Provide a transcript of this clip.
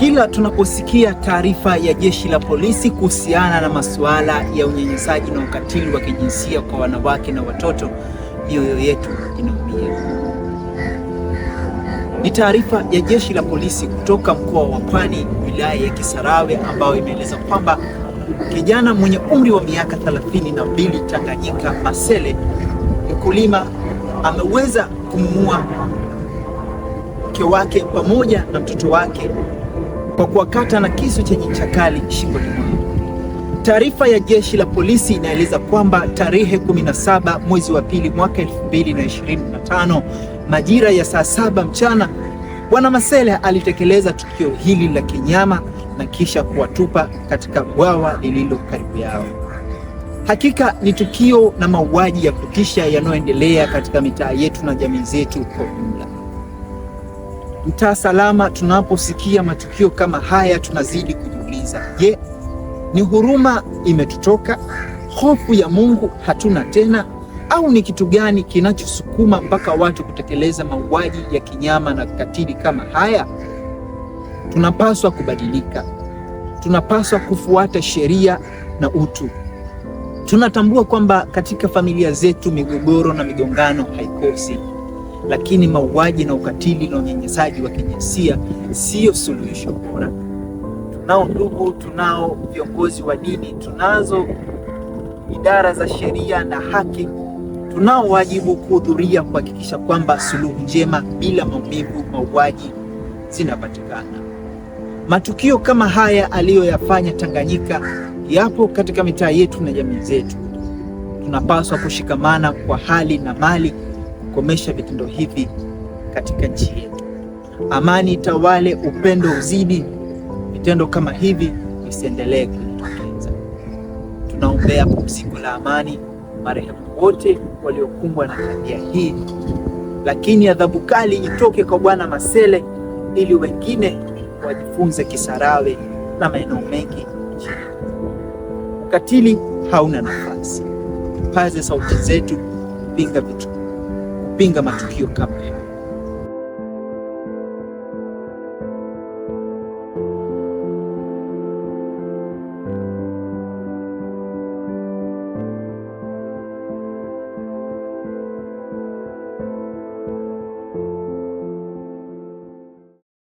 Kila tunaposikia taarifa ya jeshi la polisi kuhusiana na masuala ya unyanyasaji na ukatili wa kijinsia kwa wanawake na watoto, mioyo yetu inaumia. Ni taarifa ya jeshi la polisi kutoka mkoa wa Pwani, wilaya ya Kisarawe, ambayo imeeleza kwamba kijana mwenye umri wa miaka 32 Tanganyika Masele, mkulima, ameweza kumuua mke wake pamoja na mtoto wake kwa kuwakata na kisu chenye ncha kali shingoni mwao. Taarifa ya jeshi la polisi inaeleza kwamba tarehe 17 mwezi wa pili mwaka 2025 majira ya saa saba mchana Bwana Masela alitekeleza tukio hili la kinyama na kisha kuwatupa katika bwawa lililo karibu yao. Hakika ni tukio na mauaji ya kutisha yanayoendelea katika mitaa yetu na jamii zetu kwa mtaa salama, tunaposikia matukio kama haya tunazidi kujiuliza, je, ni huruma imetutoka? Hofu ya Mungu hatuna tena? Au ni kitu gani kinachosukuma mpaka watu kutekeleza mauaji ya kinyama na katili kama haya? Tunapaswa kubadilika, tunapaswa kufuata sheria na utu. Tunatambua kwamba katika familia zetu migogoro na migongano haikosi lakini mauaji na ukatili na unyanyasaji wa kijinsia siyo suluhisho bora. Tunao ndugu, tunao viongozi wa dini, tunazo idara za sheria na haki, tunao wajibu kuhudhuria kuhakikisha kwamba suluhu njema bila maumivu, mauaji zinapatikana. Matukio kama haya aliyoyafanya Tanganyika yapo katika mitaa yetu na jamii zetu. Tunapaswa kushikamana kwa hali na mali kukomesha vitendo hivi katika nchi yetu. Amani itawale, upendo uzidi. Vitendo kama hivi visiendelee kujitokeza. Tunaombea pumziko la amani marehemu wote waliokumbwa na tabia hii, lakini adhabu kali itoke kwa Bwana Masele ili wengine wajifunze Kisarawe na maeneo mengi nchini. Ukatili hauna nafasi. Paze sauti zetu kupinga vitu kupinga matukio kama